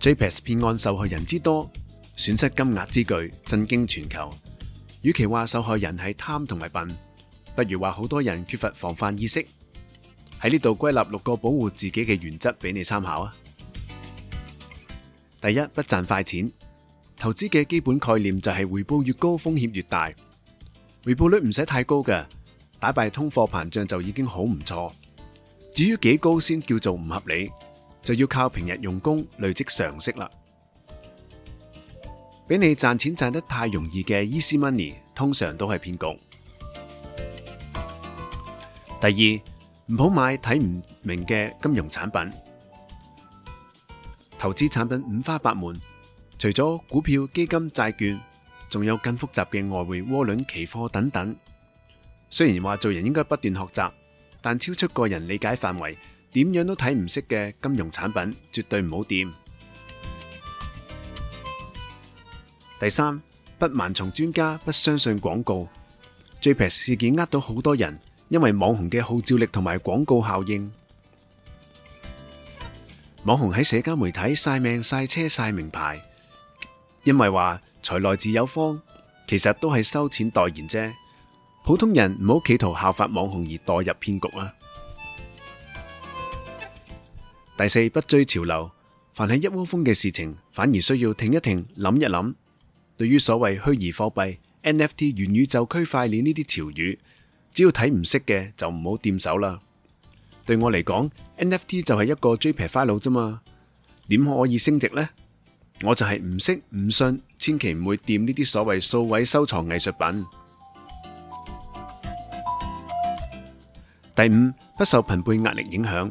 JPEX 騙案受害人之多，損失金額之巨，震驚全球。與其話受害人係貪同埋笨，不如話好多人缺乏防範意識。喺呢度歸納六個保護自己嘅原則俾你參考啊！第一，不賺快錢。投資嘅基本概念就係回報越高，風險越大。回報率唔使太高嘅，打敗通貨膨脹就已經好唔錯。至於幾高先叫做唔合理？就要靠平日用功累積常識啦。俾你賺錢賺得太容易嘅 easy money，通常都係騙局。第二，唔好買睇唔明嘅金融產品。投資產品五花八門，除咗股票、基金、債券，仲有更複雜嘅外匯、窩輪、期貨等等。雖然話做人應該不斷學習，但超出個人理解範圍。點樣都睇唔識嘅金融產品，絕對唔好掂。第三，不盲從專家，不相信廣告。JPEX 事件呃到好多人，因為網紅嘅號召力同埋廣告效應。網紅喺社交媒體晒命晒車晒名牌，因為話財來自有方，其實都係收錢代言啫。普通人唔好企圖效法網紅而墮入騙局啊！第四，不追潮流，凡係一窩蜂嘅事情，反而需要停一停，諗一諗。對於所謂虛擬貨幣、NFT、元宇宙、區塊鏈呢啲潮語，只要睇唔識嘅就唔好掂手啦。對我嚟講，NFT 就係一個 JPEG file 啫嘛，點可以升值呢？我就係唔識唔信，千祈唔會掂呢啲所謂數位收藏藝術品。第五，不受朋輩壓力影響。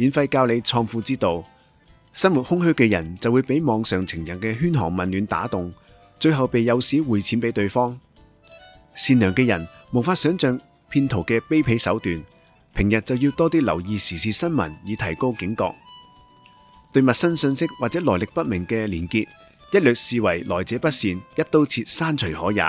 免費教你創富之道，生活空虛嘅人就會俾網上情人嘅噓寒問暖打動，最後被誘使匯錢俾對方。善良嘅人無法想象騙徒嘅卑鄙手段，平日就要多啲留意時事新聞，以提高警覺，對陌生信息或者來歷不明嘅連結，一律視為來者不善，一刀切刪除可也。